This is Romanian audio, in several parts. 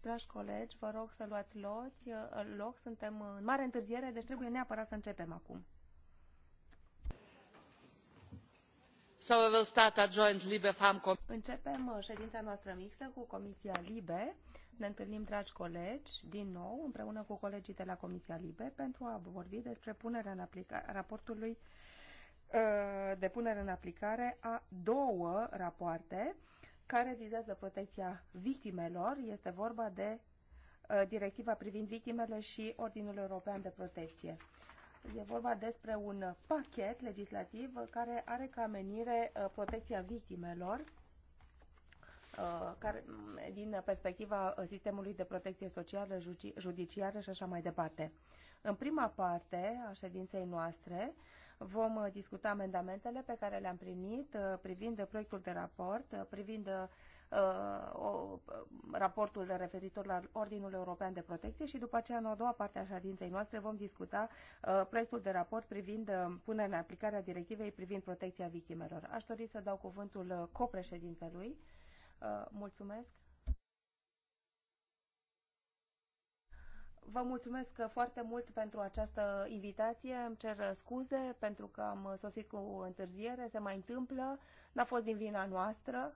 Dragi colegi, vă rog să luați loți, uh, loc. Suntem în mare întârziere, deci trebuie neapărat să începem acum. So we will start a joint Libe -Farm Începem uh, ședința noastră mixtă cu Comisia Libe. Ne întâlnim, dragi colegi, din nou, împreună cu colegii de la Comisia Libe, pentru a vorbi despre punerea în aplicare raportului uh, de punere în aplicare a două rapoarte care vizează protecția victimelor. Este vorba de uh, directiva privind victimele și Ordinul European de Protecție. E vorba despre un pachet legislativ care are ca menire uh, protecția victimelor uh, care, mm, din perspectiva uh, sistemului de protecție socială, judiciară și așa mai departe. În prima parte a ședinței noastre, vom uh, discuta amendamentele pe care le-am primit uh, privind proiectul de raport, uh, privind o, raportul referitor la Ordinul European de Protecție și după aceea, în a doua parte a ședinței noastre, vom discuta uh, proiectul de raport privind uh, punerea în aplicare a directivei privind protecția victimelor. Aș dori să dau cuvântul copreședintelui. Uh, mulțumesc. Vă mulțumesc foarte mult pentru această invitație. Îmi cer scuze pentru că am sosit cu întârziere. Se mai întâmplă. N-a fost din vina noastră.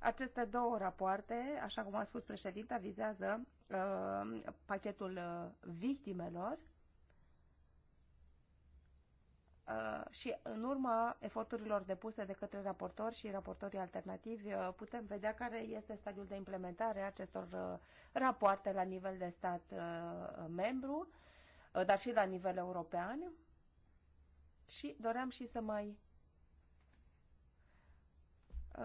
Aceste două rapoarte, așa cum a spus președinta, vizează uh, pachetul uh, victimelor Uh, și în urma eforturilor depuse de către raportori și raportorii alternativi uh, putem vedea care este stadiul de implementare a acestor uh, rapoarte la nivel de stat membru, dar și la nivel european. Și doream și să mai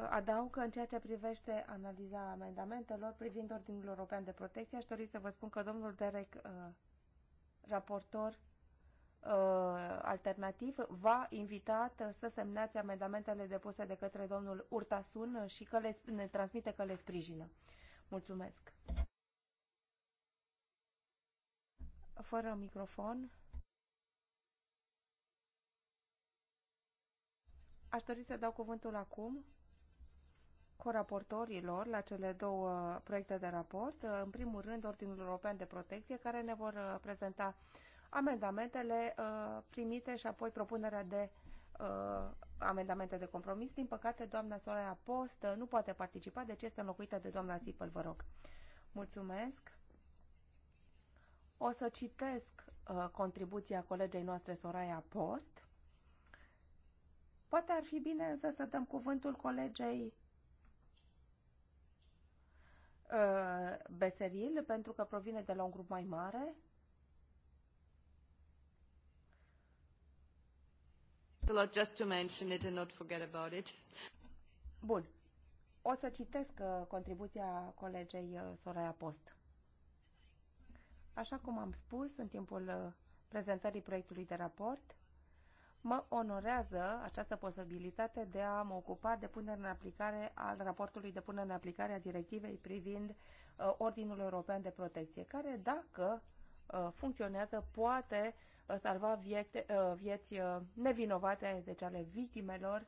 Adaug că în ceea ce privește analiza amendamentelor privind Ordinul European de Protecție, aș dori să vă spun că domnul Derek, raportor, Uh, alternativ va invitat să semnați amendamentele depuse de către domnul Urtasun și că le, ne transmite că le sprijină. Mulțumesc. Fără microfon. Aș dori să dau cuvântul acum coraportorilor la cele două proiecte de raport. În primul rând, Ordinul European de Protecție, care ne vor uh, prezenta uh, amendamentele uh, primite și apoi propunerea de uh, amendamente de compromis. Din păcate, doamna Soraya Post uh, nu poate participa, deci este înlocuită de doamna Zipăl, vă rog. Mulțumesc. O să citesc uh, contribuția colegei noastre Soraya Post. Poate ar fi bine însă să dăm cuvântul colegei Beseril, pentru că provine de la un grup mai mare. Bun. O să citesc uh, contribuția colegei uh, Soraya Post. Așa cum am spus în timpul uh, prezentării proiectului de raport, mă onorează această posibilitate de a mă ocupa de punere în aplicare al raportului de punere în aplicare a directivei privind Ordinul European de Protecție, care, dacă funcționează, poate uh, Uh, salva viete, uh, vieți uh, nevinovate, deci ale victimelor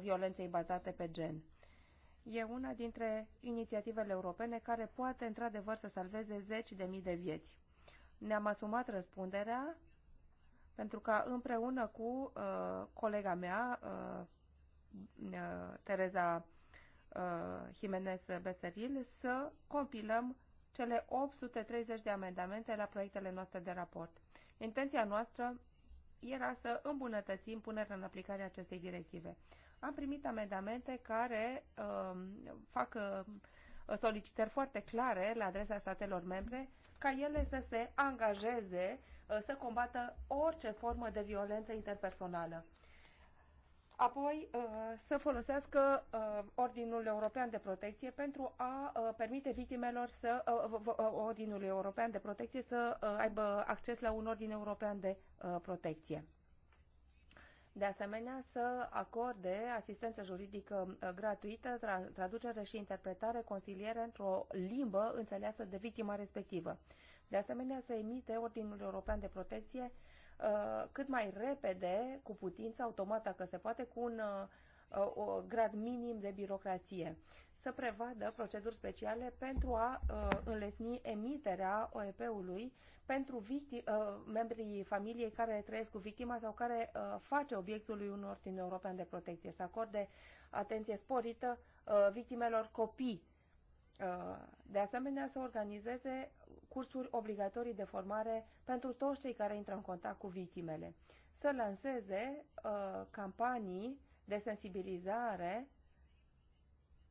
violenței bazate pe gen. E una dintre inițiativele europene care poate într-adevăr să salveze zeci de mii de vieți. Ne-am asumat răspunderea pentru că împreună cu uh, colega mea, uh, uh, Tereza uh, Jimenez Beseril, să compilăm cele 830 de amendamente la proiectele noastre de raport. Intenția noastră era să îmbunătățim punerea în aplicare a acestei directive. Am primit amendamente care uh, fac uh, solicitări foarte clare la adresa statelor membre ca ele să se angajeze uh, să combată orice formă de violență interpersonală apoi uh, să folosească uh, Ordinul European de Protecție pentru a uh, permite victimelor să Ordinul European de Protecție să aibă acces la un ordin european de protecție. De asemenea, să acorde asistență juridică gratuită, tra- traducere și interpretare consiliere într-o limbă înțeleasă de victima respectivă. De asemenea, să emite Ordinul European de Protecție uh, Uh, cât mai repede, cu putință automat, dacă se poate, cu un uh, uh, o grad minim de birocrație. Să prevadă proceduri speciale pentru a înlesni emiterea OEP-ului pentru victi- membrii familiei care trăiesc cu victima sau care face obiectul lui un ordin european de protecție. Să acorde atenție sporită victimelor copii de asemenea, să organizeze cursuri obligatorii de formare pentru toți cei care intră în contact cu victimele. Să lanseze uh, campanii de sensibilizare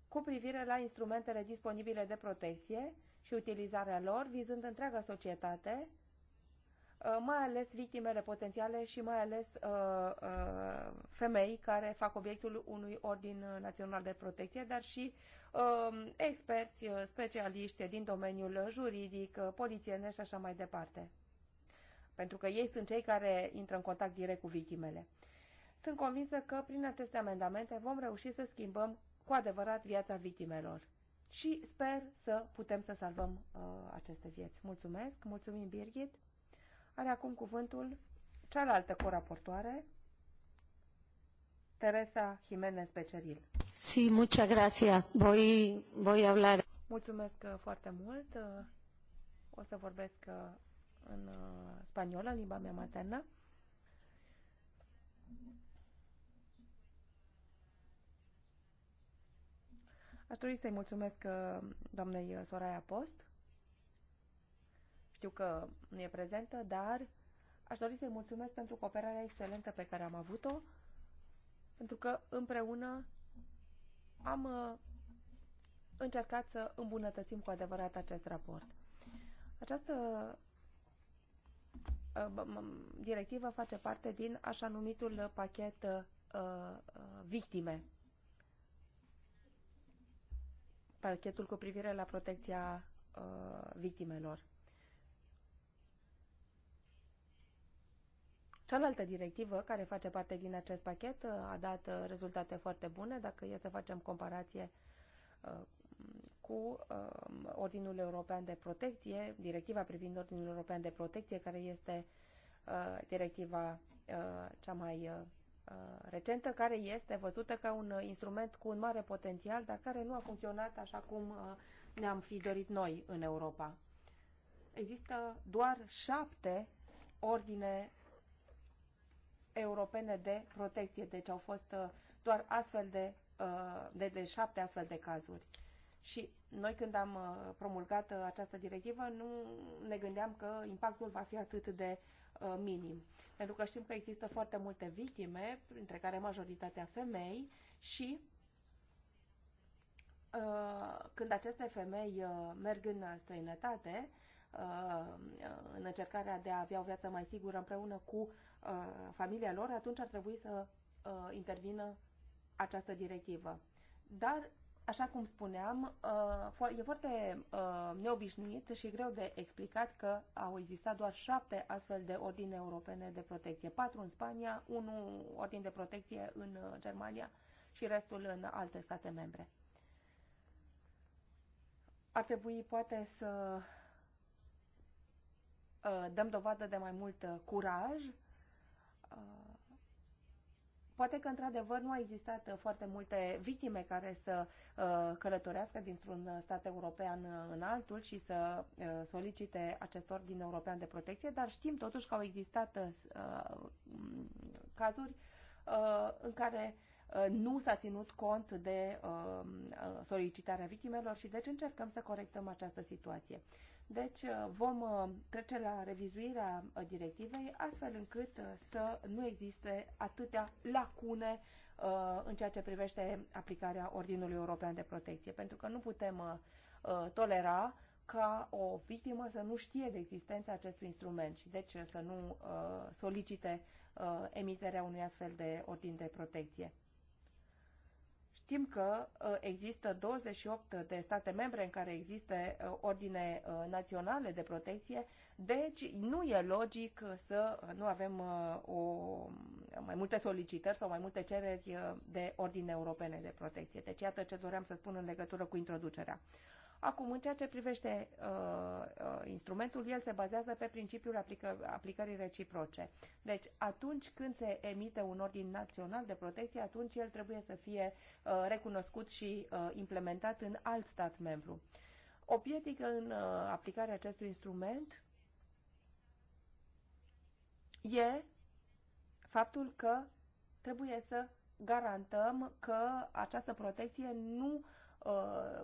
cu privire la instrumentele disponibile de protecție și utilizarea lor, vizând întreaga societate, Uh, mai ales victimele potențiale și mai ales uh, uh, femei care fac obiectul unui ordin național de protecție, dar și um, experți, specialiști din domeniul juridic, polițienesc și așa mai departe. Pentru că ei sunt cei care intră în contact direct cu victimele. Sunt convinsă că prin aceste amendamente vom reuși să schimbăm cu adevărat viața victimelor. Și sper să putem să salvăm uh, aceste vieți. Mulțumesc, mulțumim Birgit. Are acum cuvântul cealaltă coraportoare, Teresa Jiménez Beceril. Sí, muchas gracias. Voy, voy a hablar. Mulțumesc uh, foarte mult. Uh, o să vorbesc uh, în spaniolă, limba mea maternă. Aș dori să-i mulțumesc doamnei Soraya Post știu că nu e prezentă, dar aș dori să-i mulțumesc pentru cooperarea excelentă pe care am avut-o, pentru că împreună am uh, încercat să îmbunătățim cu adevărat acest raport. Această uh, directivă face parte din așa numitul pachet uh, victime. Pachetul cu privire la protecția victimelor. Cealaltă directivă care face parte din acest pachet uh, a dat uh, rezultate foarte bune dacă e să facem comparație uh, cu Ordinul European de Protecție, directiva privind Ordinul European de Protecție, care este directiva cea mai recentă, care este văzută ca un instrument cu un mare potențial, dar care nu a funcționat așa cum ne-am fi dorit noi în Europa. Există doar șapte ordine europene de protecție. Deci au fost uh, doar astfel de, uh, de, de șapte astfel de cazuri. Și noi când am uh, promulgat această directivă nu ne gândeam că impactul va fi atât de minim. Pentru că știm că există foarte multe victime, printre care majoritatea femei și când aceste femei merg în străinătate, în încercarea de a avea o viață mai sigură împreună cu Uh, familia lor, atunci ar trebui să uh, intervină această directivă. Dar, așa cum spuneam, uh, e foarte neobișnuit și greu de explicat că au existat doar șapte astfel de ordine europene de protecție. Patru în Spania, unul ordin de protecție în Germania și restul în alte state membre. Ar trebui poate să dăm dovadă de mai mult curaj Uh, poate că într-adevăr nu a existat uh, foarte multe victime care să uh, călătorească dintr-un stat european în altul și să solicite acest ordin european de protecție, dar știm totuși că au existat mm, cazuri în care nu s-a ținut cont de solicitarea victimelor și deci încercăm să corectăm această situație. Deci uh, vom uh, trece la revizuirea uh, directivei astfel încât să nu existe atâtea lacune în ceea ce privește aplicarea Ordinului European de Protecție, pentru că nu putem tolera ca o victimă să nu știe de existența acestui instrument și deci să nu solicite emiterea unui astfel de ordin de protecție. Știm că uh, există 28 de state membre în care există uh, ordine uh, naționale de protecție, deci nu e logic să nu avem o, mai multe solicitări sau mai multe cereri de ordine europene de protecție. Deci iată ce doream să spun în legătură cu introducerea. Acum, în ceea ce privește uh, uh, instrumentul, el se bazează pe principiul aplică, aplicării reciproce. Deci, atunci când se emite un ordin național de protecție, atunci el trebuie să fie uh, recunoscut și uh, implementat în alt stat membru. O pietică în uh, aplicarea acestui instrument e faptul că trebuie să garantăm că această protecție nu uh, Uh,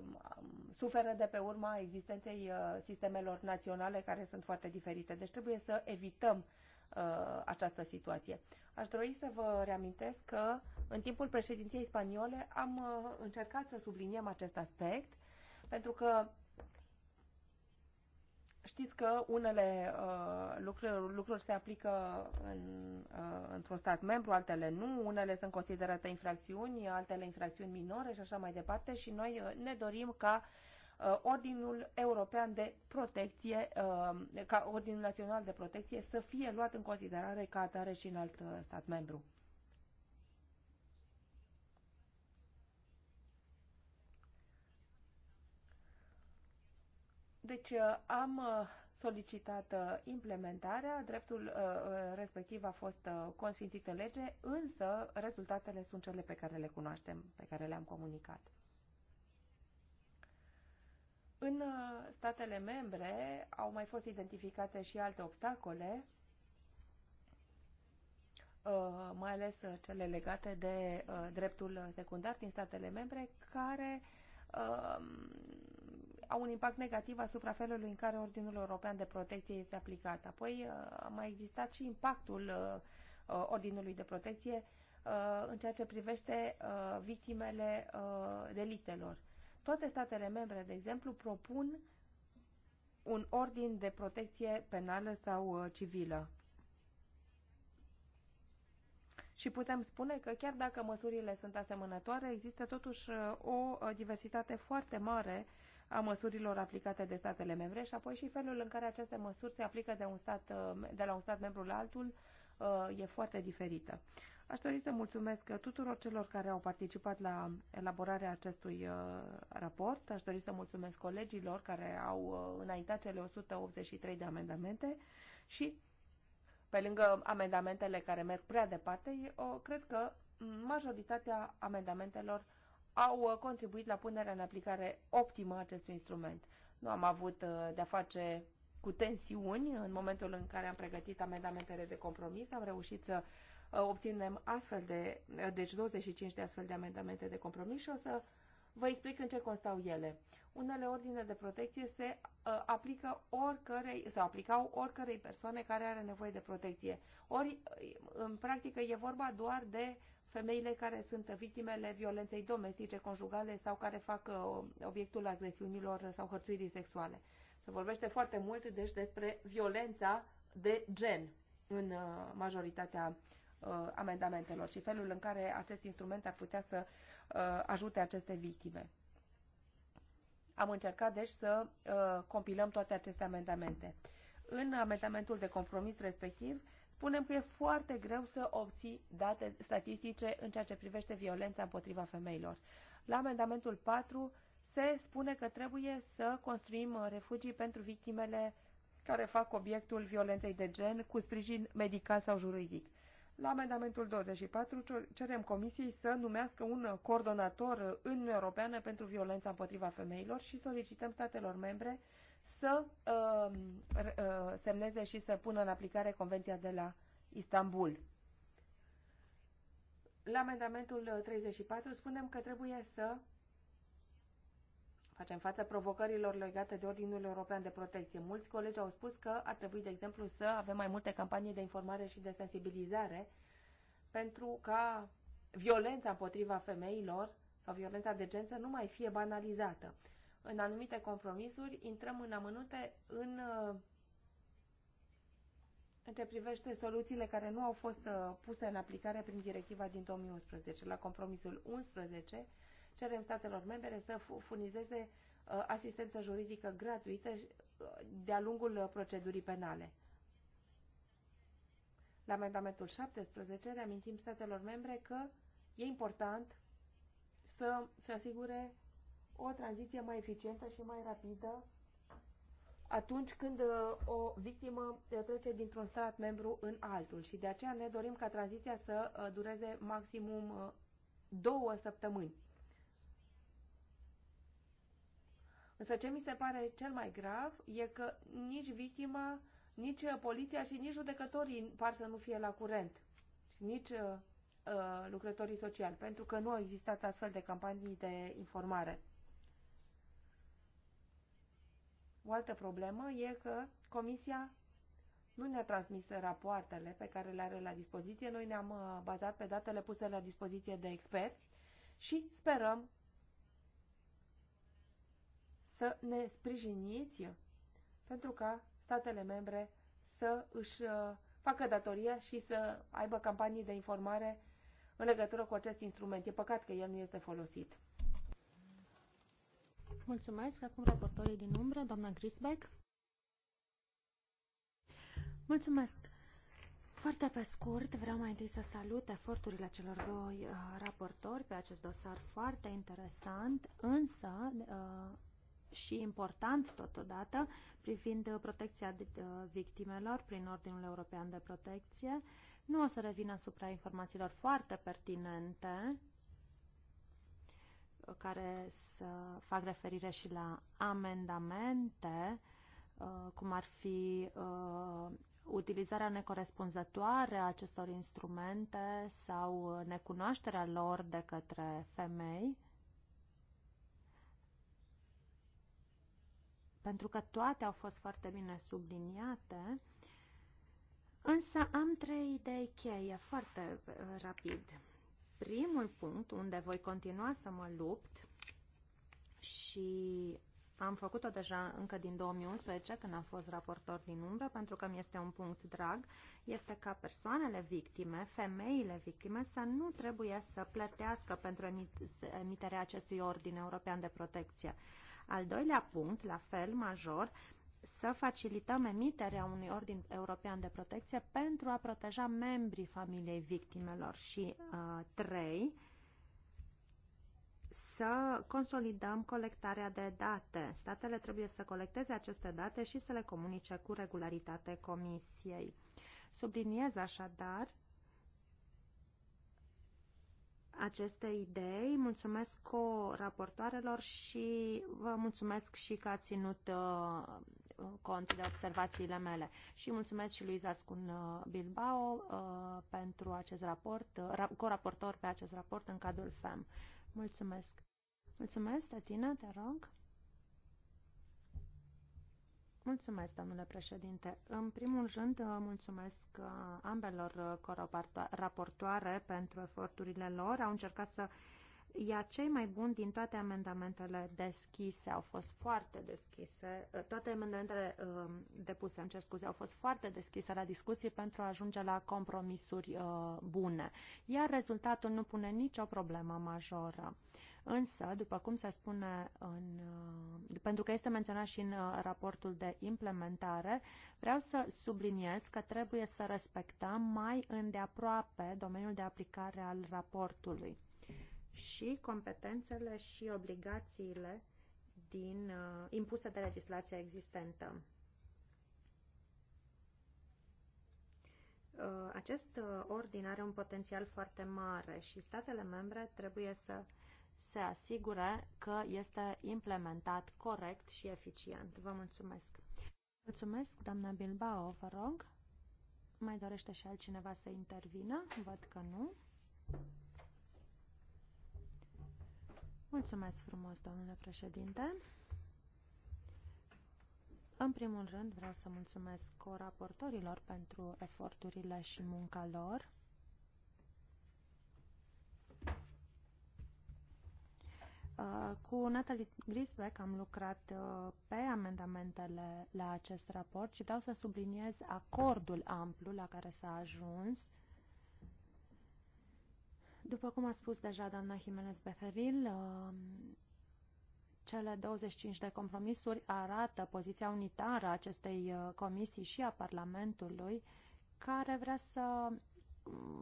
suferă de pe urma existenței uh, sistemelor naționale care sunt foarte diferite. Deci trebuie să evităm uh, această situație. Aș dori să vă reamintesc că în timpul președinției spaniole am încercat să subliniem acest aspect, pentru că Știți că unele uh, lucruri, lucruri se aplică în, uh, într-un stat membru, altele nu, unele sunt considerate infracțiuni, altele infracțiuni minore și așa mai departe și noi uh, ne dorim ca uh, Ordinul European de Protecție, uh, ca Ordinul Național de Protecție să fie luat în considerare ca atare și în alt uh, stat membru. Deci uh, am uh, solicitat uh, implementarea, dreptul respectiv a fost consfințit în lege, însă rezultatele sunt cele pe care le cunoaștem, pe care le-am comunicat. În statele membre au mai fost identificate și alte obstacole, mai ales cele legate de dreptul secundar din statele membre, care au un impact negativ asupra felului în care Ordinul European de Protecție este aplicat. Apoi uh, a mai existat și impactul uh, uh, Ordinului de Protecție în ceea ce privește victimele delictelor. Toate statele membre, de exemplu, propun un ordin de protecție penală sau civilă. Și putem spune că chiar dacă măsurile sunt asemănătoare, există totuși o diversitate foarte mare a măsurilor aplicate de statele membre și apoi și felul în care aceste măsuri se aplică de, un stat, de la un stat membru la altul uh, e foarte diferită. Aș dori să mulțumesc tuturor celor care au participat la elaborarea acestui uh, raport. Aș dori să mulțumesc colegilor care au uh, înaintat cele 183 de amendamente și, pe lângă amendamentele care merg prea departe, eu cred că majoritatea amendamentelor au uh, contribuit la punerea în aplicare optimă a acestui instrument. Nu am avut uh, de-a face cu tensiuni în momentul în care am pregătit amendamentele de compromis. Am reușit să uh, obținem astfel de, deci 25 de astfel de amendamente de compromis și o să vă explic în ce constau ele. Unele ordine de protecție se aplică oricărei, sau aplicau oricărei persoane care are nevoie de protecție. Ori, în practică, e vorba doar de femeile care sunt victimele violenței domestice, conjugale sau care fac uh, obiectul agresiunilor sau hărțuirii sexuale. Se vorbește foarte mult deci despre violența de gen în uh, majoritatea uh, amendamentelor și felul în care acest instrument ar putea să ajute aceste victime. Am încercat deci să compilăm toate aceste amendamente. În amendamentul de compromis respectiv spunem că e foarte greu să obții date statistice în ceea ce privește violența împotriva femeilor. La amendamentul 4 se spune că trebuie să construim refugii pentru victimele care fac obiectul violenței de gen cu sprijin medical sau juridic. La amendamentul 24 cerem Comisiei să numească un coordonator în Uniunea Europeană pentru violența împotriva femeilor și solicităm statelor membre să uh, uh, semneze și să pună în aplicare Convenția de la Istanbul. La amendamentul 34 spunem că trebuie să facem față provocărilor legate de Ordinul European de Protecție. Mulți colegi au spus că ar trebui, de exemplu, să avem mai multe campanii de informare și de sensibilizare pentru ca violența împotriva femeilor sau violența de gen să nu mai fie banalizată. În anumite compromisuri intrăm în amănunte în, în ce privește soluțiile care nu au fost uh, puse în aplicare prin directiva din 2011. La compromisul 11 cerem statelor membre să furnizeze uh, asistență juridică gratuită uh, de-a lungul uh, procedurii penale. La amendamentul 17 reamintim statelor membre că e important să se asigure o tranziție mai eficientă și mai rapidă atunci când o victimă trece dintr-un stat membru în altul și de aceea ne dorim ca tranziția să dureze maximum două săptămâni. Însă ce mi se pare cel mai grav e că nici victima, nici uh, poliția și nici judecătorii par să nu fie la curent. Nici uh, uh, lucrătorii sociali, pentru că nu au existat astfel de campanii de informare. O altă problemă e că Comisia nu ne-a transmis rapoartele pe care le are la dispoziție. Noi ne-am uh, bazat pe datele puse la dispoziție de experți și sperăm să ne sprijiniți pentru ca statele membre să își uh, facă datoria și să aibă campanii de informare în legătură cu acest instrument. E păcat că el nu este folosit. Mulțumesc. Acum raportorii din umbră, doamna Grisbeck. Mulțumesc. Foarte pe scurt, vreau mai întâi să salut eforturile celor doi uh, raportori pe acest dosar foarte interesant, însă uh, și important totodată privind uh, protecția uh, victimelor prin Ordinul European de Protecție. Nu o să revin asupra informațiilor foarte pertinente uh, care să fac referire și la amendamente, cum ar fi utilizarea necorespunzătoare a acestor instrumente sau necunoașterea lor de către femei. pentru că toate au fost foarte bine subliniate, însă am trei idei cheie foarte uh, rapid. Primul punct unde voi continua să mă lupt și am făcut-o deja încă din 2011, când am fost raportor din umbră, pentru că mi este un punct drag, este ca persoanele victime, femeile victime, să nu trebuie să plătească pentru emiterea acestui ordin european de protecție. Uh, al doilea punct, la fel major, să facilităm emiterea unui ordin european de protecție pentru a proteja membrii familiei victimelor și uh, trei, să consolidăm colectarea de date. Statele trebuie să colecteze aceste date și să le comunice cu regularitate Comisiei. Subliniez așadar aceste idei. Mulțumesc co-raportoarelor și vă mulțumesc și că ați ținut uh, cont de observațiile mele. Și mulțumesc și lui Zascun uh, Bilbao uh, pentru acest raport, uh, co-raportor pe acest raport în cadrul FEM. Mulțumesc. Mulțumesc, Tatina, te rog. Mulțumesc, domnule președinte. În primul rând, mulțumesc uh, ambelor uh, raportoare pentru eforturile lor. Au încercat să ia cei mai buni din toate amendamentele deschise, au fost foarte deschise, uh, toate amendamentele depuse, îmi cer scuze, au fost foarte deschise la discuții pentru a ajunge la compromisuri bune. Iar rezultatul nu pune nicio problemă majoră. Însă, după cum se spune, în, uh, pentru că este menționat și în uh, raportul de implementare, vreau să subliniez că trebuie să respectăm mai îndeaproape domeniul de aplicare al raportului și competențele și obligațiile din, uh, impuse de legislația existentă. acest ordin are un potențial foarte mare și statele membre trebuie să se asigure că este implementat corect și eficient. Vă mulțumesc! Mulțumesc, doamna Bilbao, vă rog. Mai dorește și altcineva să intervină? Văd că nu. Mulțumesc frumos, domnule președinte. În primul rând vreau să mulțumesc coraportorilor pentru eforturile și munca lor. Uh, cu Natalie Grisbeck am lucrat uh, pe amendamentele la acest raport și vreau să subliniez acordul amplu la care s-a ajuns. După cum a spus deja doamna Jimenez Beferil, uh, cele 25 de compromisuri arată poziția unitară a acestei comisii și a Parlamentului, care vrea să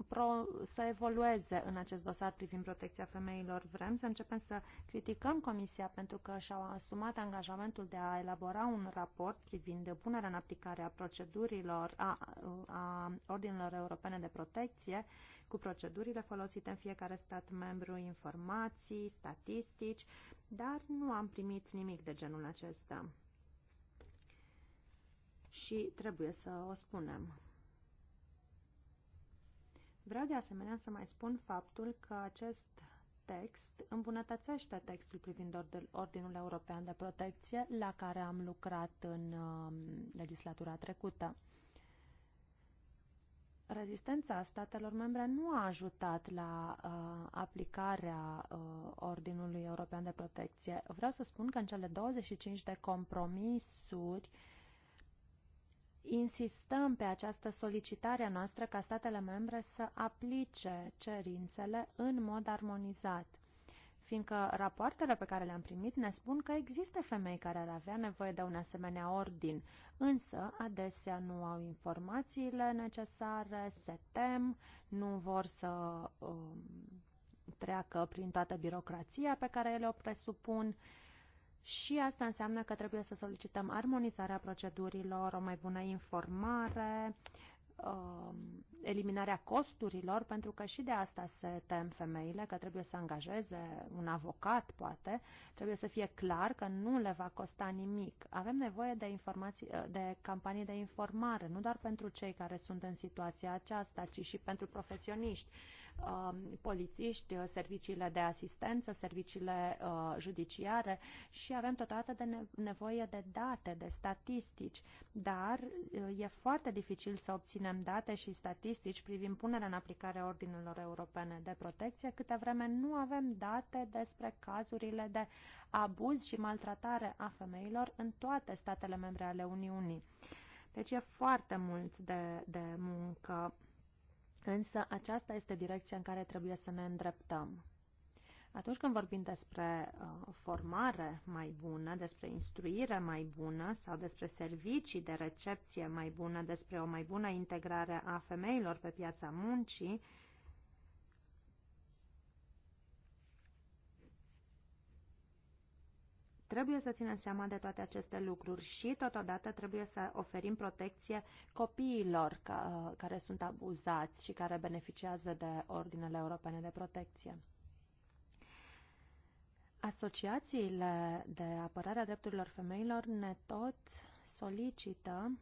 pro, să evolueze în acest dosar privind protecția femeilor. Vrem să începem să criticăm Comisia pentru că și au asumat angajamentul de a elabora un raport privind punerea în aplicare a procedurilor, a, a ordinelor europene de protecție cu procedurile folosite în fiecare stat membru, informații, statistici, dar nu am primit nimic de genul acesta. Și trebuie să o spunem. Vreau de asemenea să mai spun faptul că acest text îmbunătățește textul privind Ordinul European de Protecție la care am lucrat în um, legislatura trecută. Rezistența statelor membre nu a ajutat la uh, aplicarea uh, Ordinului European de Protecție. Vreau să spun că în cele 25 de compromisuri uh, insistăm pe această solicitare a noastră ca statele membre să aplice cerințele în mod armonizat fiindcă rapoartele pe care le-am primit ne spun că există femei care ar avea nevoie de un asemenea ordin, însă adesea nu au informațiile necesare, se tem, nu vor să um, treacă prin toată birocrația pe care ele o presupun, uh, și asta înseamnă că trebuie să solicităm armonizarea procedurilor, o mai bună informare, um, eliminarea costurilor, pentru că și de asta se tem femeile, că trebuie să angajeze un avocat, poate, trebuie să fie clar că nu le va costa nimic. Avem nevoie de, informații, de campanii de informare, nu doar pentru cei care sunt în situația aceasta, ci și pentru profesioniști Um, polițiști, uh, serviciile de asistență, serviciile uh, judiciare și avem totodată de nevoie de date, de statistici, dar uh, e foarte dificil să obținem date și statistici privind punerea în aplicare a ordinelor europene de protecție câte vreme nu avem date despre cazurile de abuz și maltratare a femeilor în toate statele membre ale Uniunii. Deci e foarte mult de, de muncă Însă aceasta este direcția în care trebuie să ne îndreptăm. Atunci când vorbim despre uh, formare mai bună, despre instruire mai bună sau despre servicii de recepție mai bună, despre o mai bună integrare a femeilor pe piața muncii, uh, Trebuie să ținem seama de toate aceste lucruri și, totodată, trebuie să oferim protecție copiilor ca, care sunt abuzați și care beneficiază de ordinele europene de protecție. Asociațiile de apărare a drepturilor femeilor ne tot solicită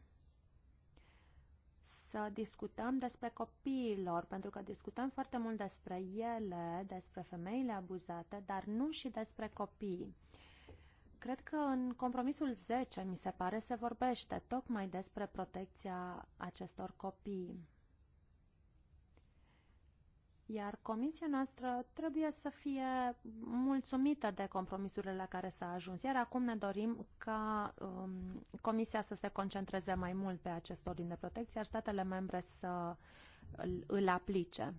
să discutăm despre copiilor, pentru că discutăm foarte mult despre ele, despre femeile abuzate, dar nu și despre copii. Cred că în compromisul 10, mi se pare, se vorbește tocmai despre protecția acestor copii. Iar comisia noastră trebuie să fie mulțumită de compromisurile la care s-a ajuns. Iar acum ne dorim ca um, comisia să se concentreze mai mult pe acest ordin de protecție, iar statele membre să îl, îl aplice.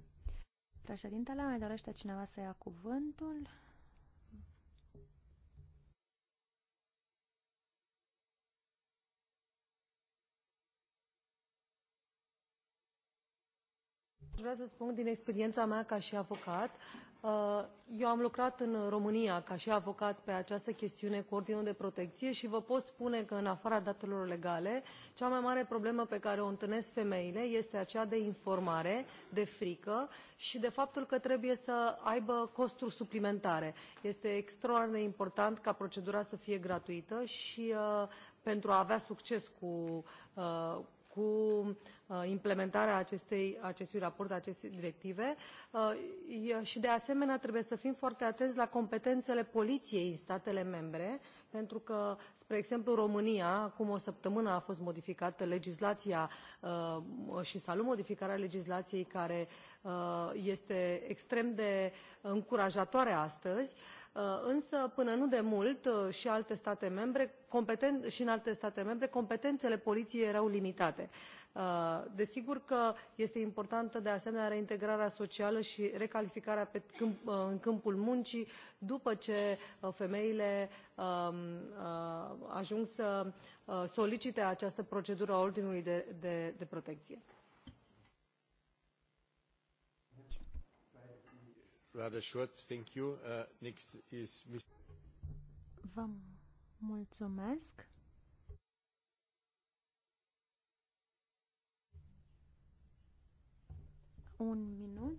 Președintele, mai dorește cineva să ia cuvântul? Vreau să spun din experiența mea ca și avocat, uh, eu am lucrat în România ca și avocat pe această chestiune cu ordinul de protecție și vă pot spune că în afara datelor legale, cea mai mare problemă pe care o întâlnesc femeile este aceea de informare, de frică și de faptul că trebuie să aibă costuri suplimentare. Este extraordinar de important ca procedura să fie gratuită și uh, pentru a avea succes cu, uh, cu uh, implementarea acestei, acestui raport, acestei directive uh, și de asemenea trebuie să fim foarte atenți la competențele poliției în statele membre pentru că spre exemplu românia acum o săptămână a fost modificată legislația uh, și salut modificarea legislației care este extrem de încurajatoare astăzi și Uh, însă până nu demult uh, și, alte state membre, și în alte state membre competențele poliției erau limitate. Uh, desigur că este importantă de asemenea reintegrarea socială și recalificarea în câmpul muncii după ce femeile um, ajung să solicite această procedură a ordinului de protecție. Uh, Vă mulțumesc. Un minut.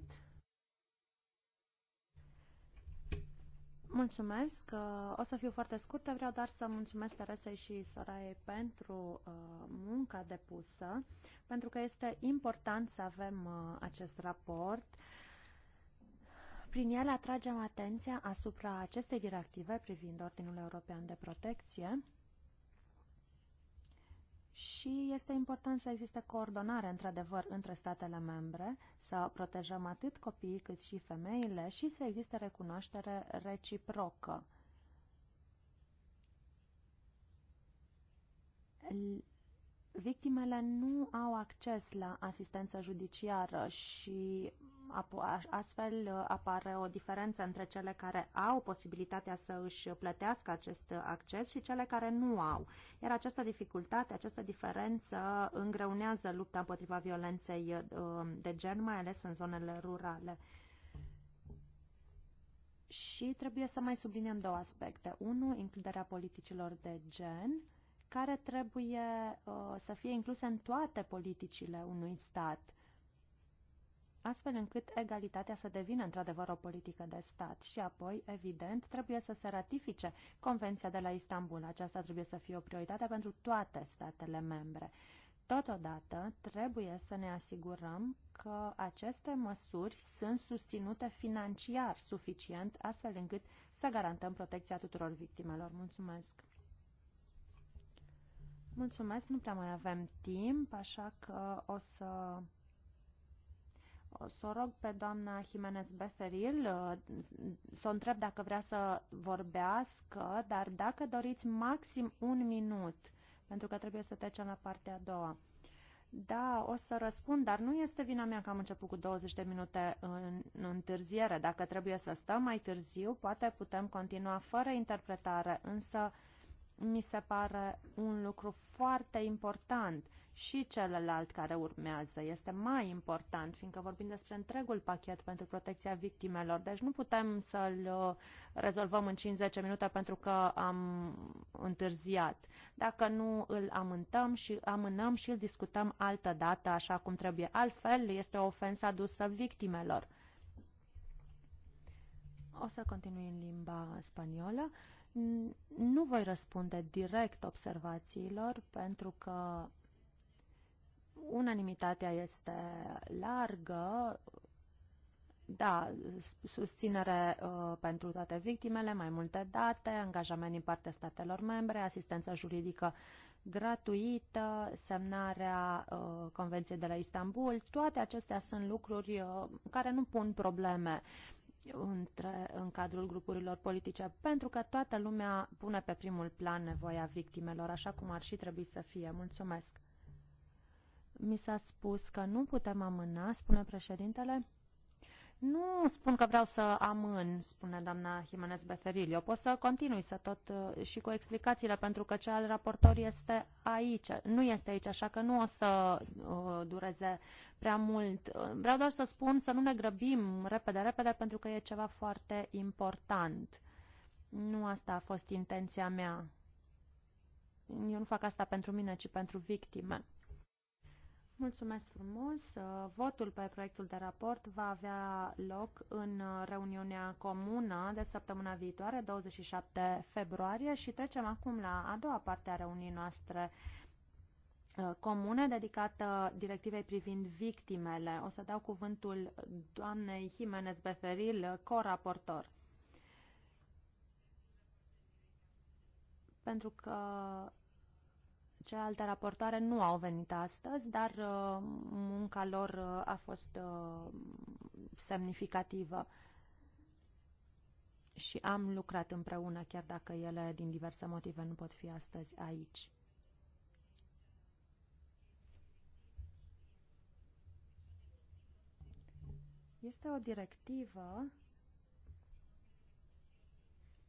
Mulțumesc. Uh, o să fiu foarte scurtă. Vreau doar să mulțumesc Teresei și Sorae pentru uh, munca depusă, pentru că este important să avem acest raport prin ele atragem atenția asupra acestei directive privind Ordinul European de Protecție și este important să existe coordonare, într-adevăr, între statele membre, să protejăm atât copiii cât și femeile și să existe recunoaștere reciprocă victimele nu au acces la asistență judiciară și astfel uh, apare o diferență între cele care au posibilitatea să își plătească acest acces și cele care nu au. Iar această dificultate, această diferență îngreunează lupta împotriva violenței uh, de gen, mai ales în zonele rurale. Și trebuie să mai subliniem două aspecte. Unu, includerea politicilor de gen care trebuie uh, să fie incluse în toate politicile unui stat, astfel încât egalitatea să devină într-adevăr o politică de stat. Și apoi, evident, trebuie să se ratifice Convenția de la Istanbul. Aceasta trebuie să fie o prioritate pentru toate statele membre. Totodată, trebuie să ne asigurăm că aceste măsuri sunt susținute financiar suficient, astfel încât să garantăm protecția tuturor victimelor. Mulțumesc! Mulțumesc, nu prea mai avem timp, așa că o să o să rog pe doamna Jimenez Beferil uh, să o întreb dacă vrea să vorbească, dar dacă doriți maxim un minut, pentru că trebuie să trecem la partea a doua. Da, o să răspund, dar nu este vina mea că am început cu 20 de minute în, în întârziere. Dacă trebuie să stăm mai târziu, poate putem continua fără interpretare, însă uh, mi se pare un lucru foarte important și celălalt care urmează este mai important, fiindcă vorbim despre întregul pachet pentru protecția victimelor. Deci nu putem să-l uh, rezolvăm în 50 minute pentru că am întârziat. Dacă nu îl amântăm și amânăm și îl discutăm altă dată așa cum trebuie. Altfel, este o ofensă adusă victimelor. O să continui în limba spaniolă. Uh, nu voi răspunde direct observațiilor pentru că unanimitatea este largă, da, susținere uh, pentru toate victimele, mai multe date, angajament din partea statelor membre, asistență juridică gratuită, semnarea uh, Convenției de la Istanbul, toate acestea sunt lucruri uh, care nu pun probleme între, în cadrul grupurilor politice, pentru că toată lumea pune pe primul plan nevoia victimelor, așa cum ar și trebui să fie. Mulțumesc. Mi s-a spus că nu putem amâna, spune președintele. Nu spun că vreau să amân, spune doamna Jimenez Beferil. Eu pot să continui să tot uh, și cu explicațiile, pentru că cel raportor este aici. Nu este aici, așa că nu o să uh, dureze prea mult. Uh, vreau doar să spun să nu ne grăbim repede, repede, pentru că e ceva foarte important. Nu asta a fost intenția mea. Eu nu fac asta pentru mine, ci pentru victime. Mulțumesc frumos. Uh, votul pe proiectul de raport va avea loc în uh, reuniunea comună de săptămâna viitoare, 27 februarie, și trecem acum la a doua parte a reuniunii noastre uh, comune dedicată directivei privind victimele. O să dau cuvântul doamnei Jimenez Beferil, co-raportor. Pentru că Celelalte raportoare nu au venit astăzi, dar uh, munca lor uh, a fost uh, semnificativă și am lucrat împreună, chiar dacă ele, din diverse motive, nu pot fi astăzi aici. Este o directivă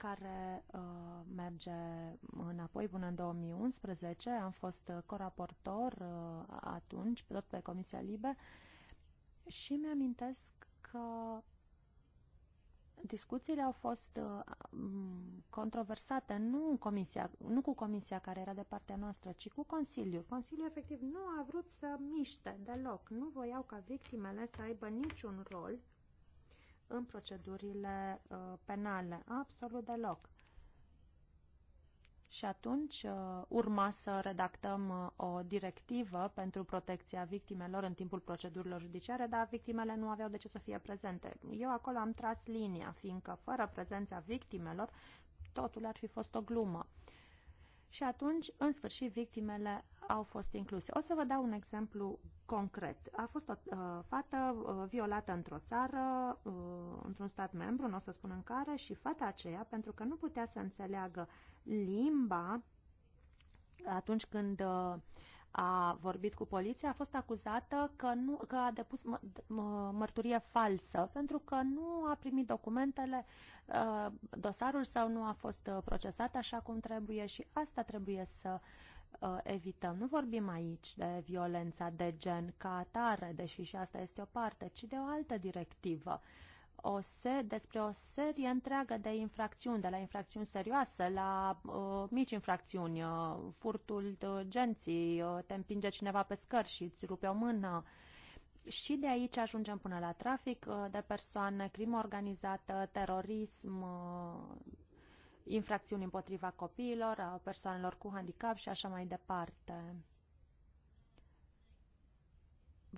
care uh, merge înapoi până în 2011. Am fost coraportor uh, atunci, tot pe Comisia Libe, și mi-amintesc că discuțiile au fost uh, controversate nu, în comisia, nu cu comisia care era de partea noastră, ci cu Consiliul. Consiliul efectiv nu a vrut să miște deloc, nu voiau ca victimele să aibă niciun rol în procedurile uh, penale. Absolut deloc. Și atunci uh, urma să redactăm uh, o directivă pentru protecția victimelor în timpul procedurilor judiciare, dar victimele nu aveau de ce să fie prezente. Eu acolo am tras linia, fiindcă fără prezența victimelor, totul ar fi fost o glumă. Uh, și atunci, în sfârșit, victimele au fost incluse. O să vă dau un exemplu concret. A fost o uh, fată uh, violată într-o țară, uh, într-un stat membru, nu o să spun în care, și fata aceea, pentru că nu putea să înțeleagă limba atunci când uh, a vorbit cu poliția a fost acuzată că, nu, că a depus mărturie falsă pentru că nu a primit documentele, uh, dosarul sau nu a fost uh, procesat așa cum trebuie și asta trebuie să uh, evităm. Nu vorbim aici de violența de gen ca atare, deși și asta este o parte, ci de o altă directivă o se, despre o serie întreagă de infracțiuni, de la infracțiuni serioase la uh, mici infracțiuni, uh, furtul uh, genții, uh, te împinge cineva pe scări și îți rupe o mână. Și de aici ajungem până la trafic uh, de persoane, crimă organizată, terorism, uh, infracțiuni împotriva copiilor, a persoanelor cu handicap și așa mai departe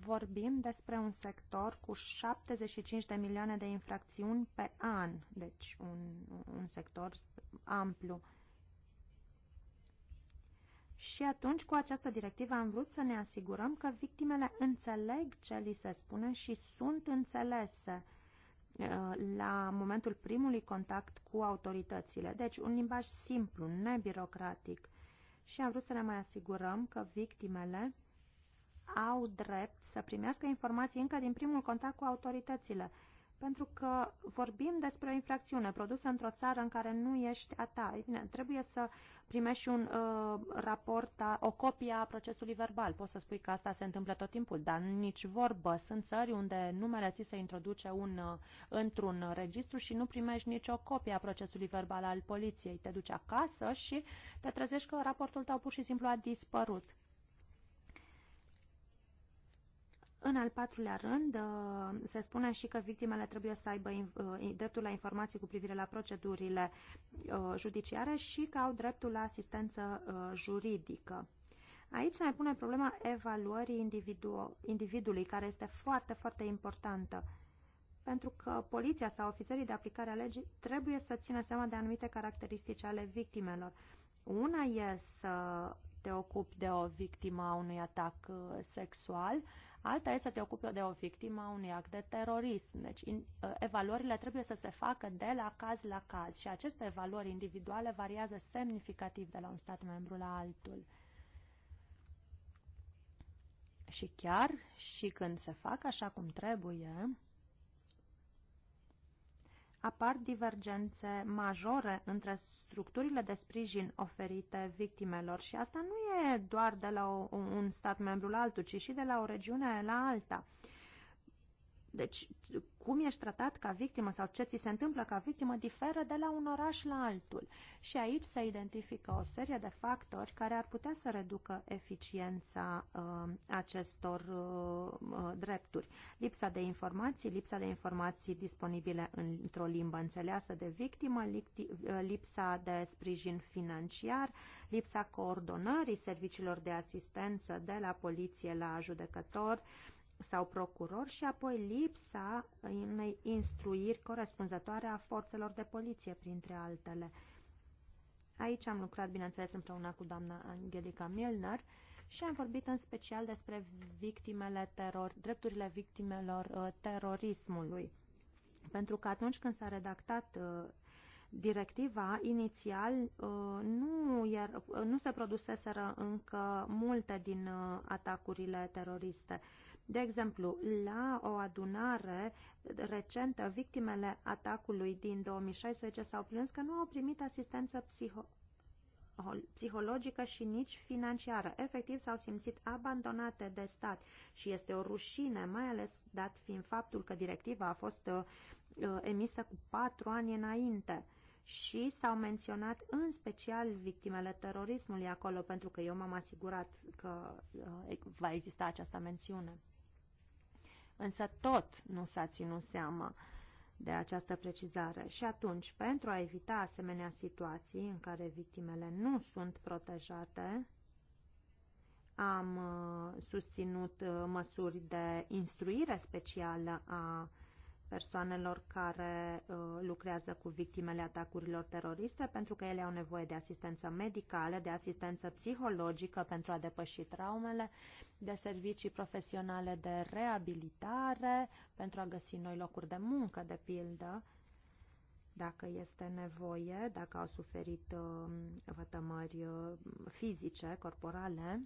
vorbim despre un sector cu 75 de milioane de infracțiuni pe an, deci un, un sector amplu. Și atunci, cu această directivă, am vrut să ne asigurăm că victimele înțeleg ce li se spune și sunt înțelese uh, la momentul primului contact cu autoritățile. Deci, un limbaj simplu, nebirocratic. Și am vrut să ne mai asigurăm că victimele au drept să primească informații încă din primul contact cu autoritățile, pentru că vorbim despre o infracțiune produsă într-o țară în care nu ești a ta. bine, trebuie să primești un uh, raport, a, o copie a procesului verbal. Poți să spui că asta se întâmplă tot timpul, dar nici vorbă. Sunt țări unde numele ți se introduce un, uh, într-un registru și nu primești nicio copie a procesului verbal al poliției. Te duci acasă și te trezești că raportul tău pur și simplu a dispărut. În al patrulea rând, uh, se spune și că victimele trebuie să aibă uh, dreptul la informații cu privire la procedurile uh, judiciare și că au dreptul la asistență juridică. Aici se mai pune problema evaluării individu individului, care este foarte, foarte importantă, pentru că poliția sau ofițerii de aplicare a legii trebuie să țină seama de anumite caracteristici ale victimelor. Una e să te ocupi de o victimă a unui atac sexual, alta este să te ocupi de o victimă a unui act de terorism. Deci in, uh, evaluările trebuie să se facă de la caz la caz și aceste evaluări individuale variază semnificativ de la un stat membru la altul. Și chiar și când se fac așa cum trebuie, apar divergențe majore între structurile de sprijin oferite victimelor și asta nu e doar de la o, un stat membru la altul, ci și de la o regiune la alta. Deci, cum ești tratat ca victimă sau ce ți se întâmplă ca victimă diferă de la un oraș la altul. Și aici se identifică o serie de factori care ar putea să reducă eficiența uh, acestor uh, uh drepturi. Lipsa de informații, lipsa de informații disponibile într-o limbă înțeleasă de victimă, uh, lipsa de sprijin financiar, lipsa coordonării serviciilor de asistență de la poliție la judecător, uh, sau procuror și apoi lipsa unei instruiri corespunzătoare a forțelor de poliție, printre altele. Aici am lucrat, bineînțeles, împreună cu doamna Angelica Milner și am vorbit în special despre victimele teror, drepturile victimelor uh, terorismului. Pentru că atunci când s-a redactat uh, directiva, inițial uh, nu, iar, er, uh, nu se produseseră încă multe din uh, atacurile teroriste. Uh, de exemplu, la o adunare recentă, victimele atacului din 2016 s-au plâns că nu au primit asistență psiho psihologică și nici financiară. Efectiv s-au simțit abandonate de stat și este o rușine, mai ales dat fiind faptul că directiva a fost uh, uh emisă cu patru ani înainte și s-au menționat în special victimele terorismului acolo, pentru că eu m-am asigurat că uh, va exista această mențiune însă tot nu s-a ținut seama de această precizare. Și atunci, pentru a evita asemenea situații în care victimele nu sunt protejate, am uh, susținut uh, măsuri de instruire specială a persoanelor care uh, lucrează cu victimele atacurilor teroriste, pentru că ele au nevoie de asistență medicală, de asistență psihologică pentru a depăși traumele, de servicii profesionale de reabilitare pentru a găsi noi locuri de muncă, de pildă, dacă este nevoie, dacă au suferit uh, vătămări uh, fizice, corporale,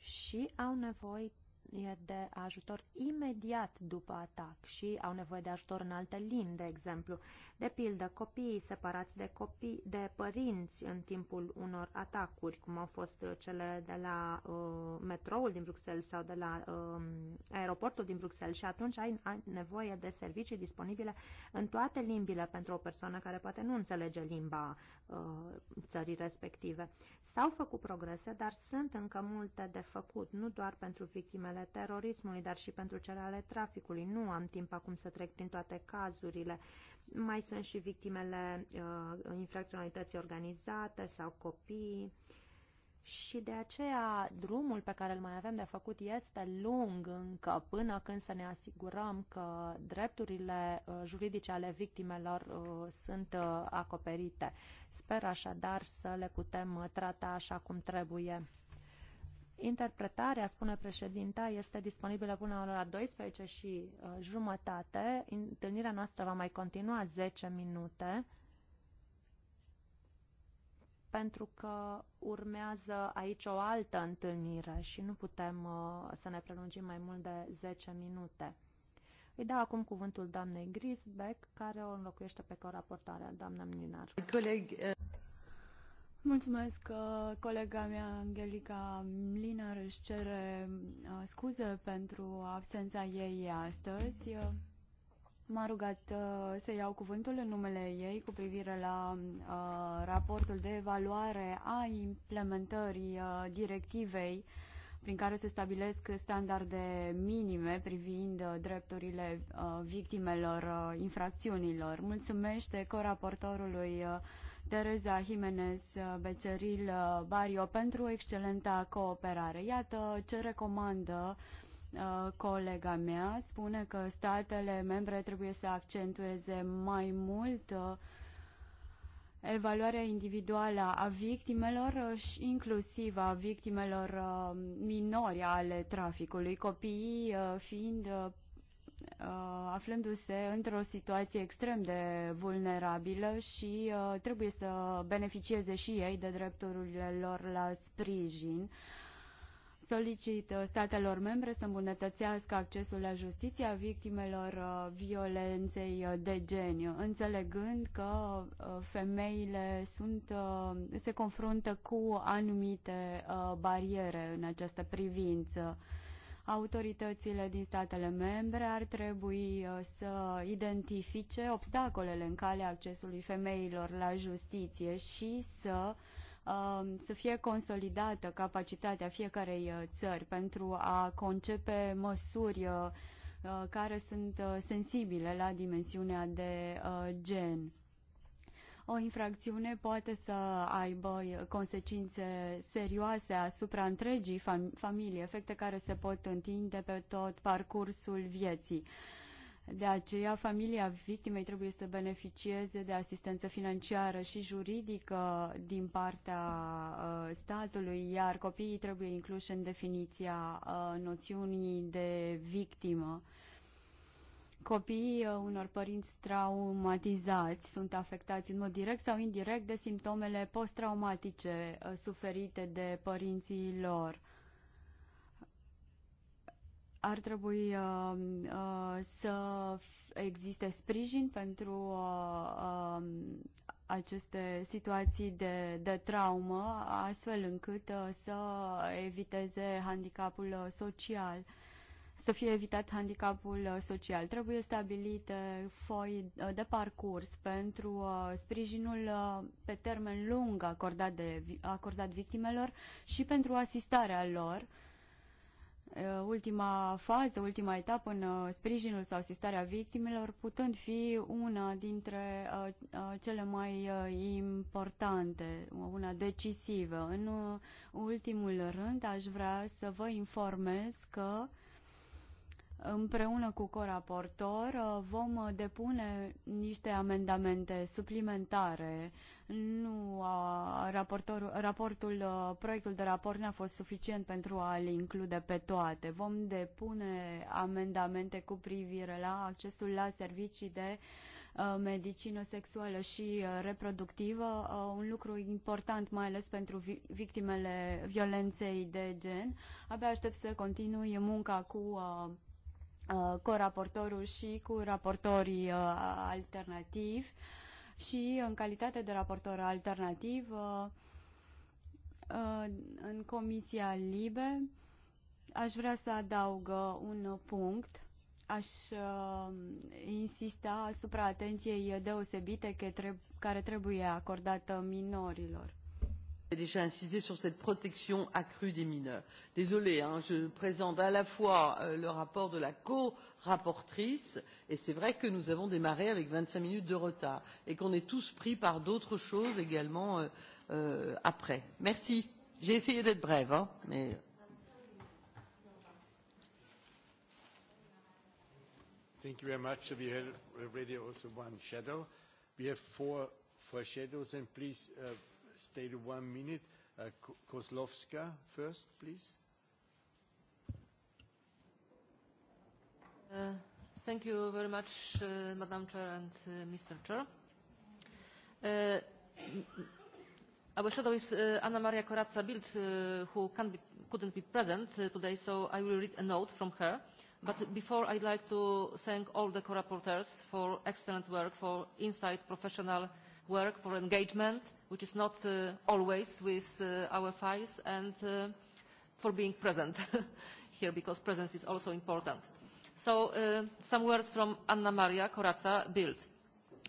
și au nevoie e de ajutor imediat după atac și au nevoie de ajutor în alte limbi, de exemplu. De pildă, copiii separați de, copii, de părinți în timpul unor atacuri, cum au fost cele de la uh, metroul din Bruxelles sau de la uh, aeroportul din Bruxelles și atunci ai, ai nevoie de servicii disponibile în toate limbile pentru o persoană care poate nu înțelege limba uh, țării respective. S-au făcut progrese, dar sunt încă multe de făcut, nu doar pentru victimele ale terorismului, dar și pentru cele ale traficului. Nu am timp acum să trec prin toate cazurile. Mai sunt și victimele uh, infracționalității organizate sau copii. Și de aceea drumul pe care îl mai avem de făcut este lung încă până când să ne asigurăm că drepturile uh, juridice ale victimelor uh, sunt uh, acoperite. Sper așadar să le putem trata așa cum trebuie. Interpretarea, spune președinta, este disponibilă până la ora 12 și uh, jumătate. Întâlnirea noastră va mai continua 10 minute pentru că urmează aici o altă întâlnire și nu putem uh, să ne prelungim mai mult de 10 minute. Îi dau acum cuvântul doamnei Grisbeck, care o înlocuiește pe coraportarea doamna Mlinar. Coleg, uh... Mulțumesc că uh, colega mea, Angelica Mlinar, își cere uh, scuze pentru absența ei astăzi. Uh, m-a rugat să iau cuvântul în numele ei cu privire la raportul de evaluare a implementării directivei prin care se stabilesc standarde minime privind drepturile victimelor infracțiunilor. Mulțumește coraportorului raportorului Tereza Jimenez Beceril uh, Barrio pentru excelenta cooperare. Iată ce recomandă uh, colega mea spune că statele membre trebuie să accentueze mai mult uh, evaluarea individuală a victimelor și inclusiv a victimelor minori ale traficului, copiii fiind Uh, aflându-se într-o situație extrem de vulnerabilă și uh, trebuie să beneficieze și ei de drepturile lor la sprijin. Solicit uh, statelor membre să îmbunătățească accesul la justiție a victimelor violenței de gen, înțelegând că femeile sunt, se confruntă cu anumite bariere în această privință Autoritățile din statele membre ar trebui uh, să identifice obstacolele în calea accesului femeilor la justiție și să uh, să fie consolidată capacitatea fiecarei uh, țări pentru a concepe măsuri care sunt sensibile la dimensiunea de gen. O infracțiune poate să aibă consecințe serioase asupra întregii fam- familii, efecte care se pot întinde pe tot parcursul vieții. De aceea, familia victimei trebuie să beneficieze de asistență financiară și juridică din partea uh, statului, iar copiii trebuie incluși în definiția uh, noțiunii de victimă copiii uh, unor părinți traumatizați sunt afectați în mod direct sau indirect de simptomele post-traumatice uh, suferite de părinții lor. Ar trebui uh, uh, să existe sprijin pentru uh, uh, aceste situații de, de traumă, astfel încât uh, să eviteze handicapul uh, social. Uh, să fie evitat handicapul uh, social. Trebuie stabilite foi uh, de parcurs pentru uh, sprijinul pe termen lung acordat, de, acordat victimelor și pentru asistarea lor ultima fază, ultima etapă în sprijinul sau asistarea victimelor, putând fi una dintre cele mai importante, una decisivă. În ultimul rând, aș vrea să vă informez că Împreună cu coraportor uh, vom uh, depune niște amendamente suplimentare. Nu a, raportor, raportul, uh, proiectul de raport n-a fost suficient pentru a le include pe toate. Vom depune amendamente cu privire la accesul la servicii de medicină sexuală și reproductivă, un lucru important mai ales pentru victimele violenței de gen. Abia aștept să continui munca cu uh, Uh, cu raportorul și cu raportorii uh, alternativi și în calitate de raportor alternativ uh, în Comisia Libe aș vrea să adaug un punct. Aș insista asupra atenției deosebite care trebuie acordată minorilor déjà insisté sur cette protection accrue des mineurs. Désolée, hein, je présente à la fois euh, le rapport de la co-rapportrice, et c'est vrai que nous avons démarré avec 25 minutes de retard, et qu'on est tous pris par d'autres choses également euh, euh, après. Merci. J'ai essayé d'être brève, hein, mais... Euh. Thank you very much. We have already also one shadow. We have four, four shadows, and please uh, stay one minute. Uh, Kozlovska first, please. Uh, thank you very much, uh, Madam Chair and uh, Mr. Chair. Uh, our shadow is uh, Anna Maria Corazza Bild, uh, who can't be, couldn't be present uh, today, so I will read a note from her. But before, I'd like to thank all the co-rapporteurs for excellent work, for insight, professional work, for engagement, which is not uh, always with uh, our files, and uh, for being present here, because presence is also important. So uh, some words from Anna Maria Corazza Bild.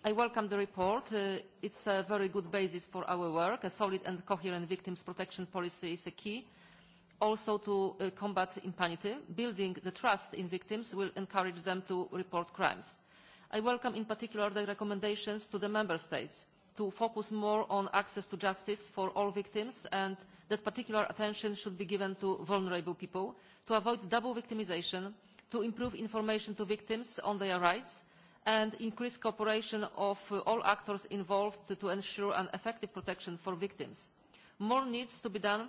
I welcome the report. Uh, it's a very good basis for our work. A solid and coherent victims protection policy is a key also to uh, combat impunity. Building the trust in victims will encourage them to report crimes. I welcome in particular the recommendations to the Member States to focus more on access to justice for all victims and that particular attention should be given to vulnerable people to avoid double victimisation to improve information to victims on their rights and increase cooperation of all actors involved to ensure an effective protection for victims. More needs to be done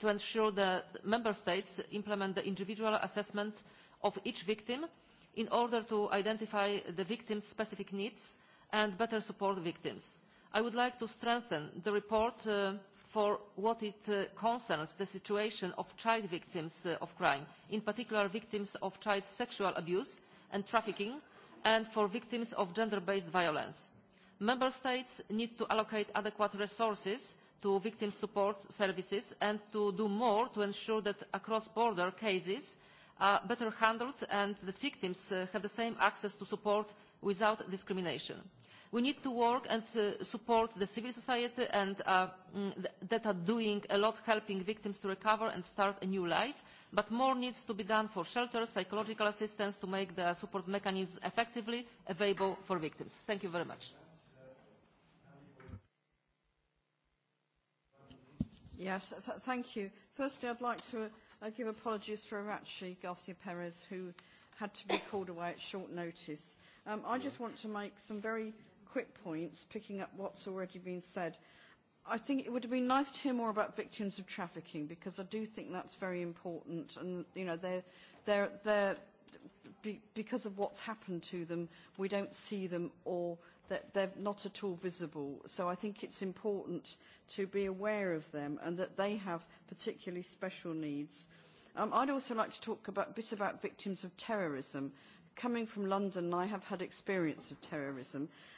to ensure that member states implement the individual assessment of each victim in order to identify the victim's specific needs and better support victims. I would like to strengthen the report uh, for what it uh, concerns the situation of child victims uh, of crime, in particular victims of child sexual abuse and trafficking, and for victims of gender-based violence. Member States need to allocate adequate resources to victim support services and to do more to ensure that across-border cases are better handled and that victims uh, have the same access to support without discrimination we need to work and uh, support the civil society and uh, mm, that are doing a lot helping victims to recover and start a new life but more needs to be done for shelters psychological assistance to make the support mechanisms effectively available for victims. thank you very much. Yes, th thank you. Firstly, I'd like to uh, give apologies for Arachi Garcia Perez, who had to be called away at short notice. Um, I just want to make some very quick points, picking up what's already been said. I think it would have been nice to hear more about victims of trafficking because I do think that's very important and you know they're, they're, they're be, because of what's happened to them we don't see them or that they're not at all visible so I think it's important to be aware of them and that they have particularly special needs. Um, I'd also like to talk about, a bit about victims of terrorism. Coming from London I have had experience of terrorism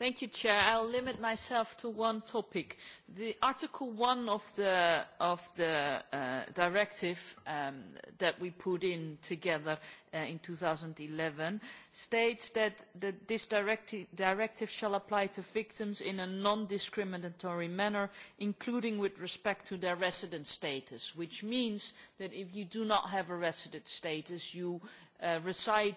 Thank you, Chair. I'll limit myself to one topic. Article 1 of the, uh, directive um, that we put in together uh, in 2011 states that this directive shall apply to victims in a non-discriminatory manner, including with respect to their resident status, which means that if you do not have a resident status, you uh, reside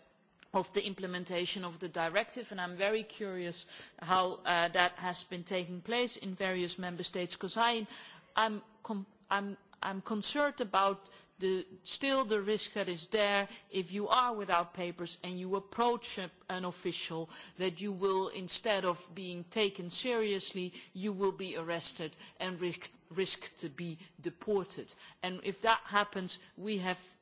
of the implementation of the directive and I'm very curious how uh, that has been taking place in various member states because I'm, am concerned about the, still the risk that is there if you are without papers and you approach an official that you will, instead of being taken seriously, you will be arrested and risk, risk to be deported. And if that happens, we have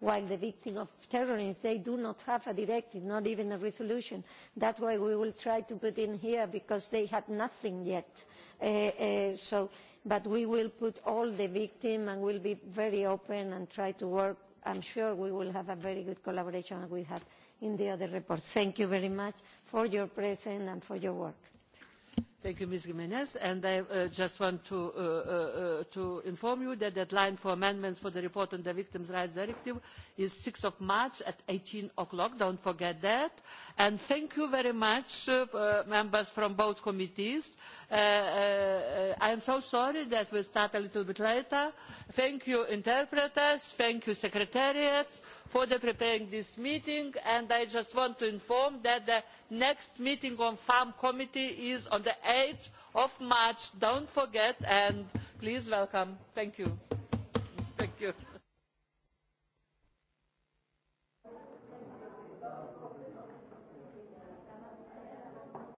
while the victims of terrorism they do not have a directive not even a resolution. that is why we will try to put in here because they had nothing yet eh, eh, so, but we will put all the victims and we will be very open and try to work i am sure we will have a very good collaboration as we have in the other reports. thank you very much for your presence and for your work. Thank you, Ms. Jimenez. And I uh, just want to, uh, uh, uh to inform you that the deadline for amendments for the report on the Victims' Rights Directive is 6th of March at 18 o'clock. Don't forget that. And thank you very much, uh, uh, members from both committees. Uh, uh, I am so sorry that we start a little bit later. Thank you, interpreters. Thank you, secretariats for the preparing this meeting and I just want to inform that the next meeting on farm committee is on the 8th of March. Don't forget and please welcome. Thank you. Thank you.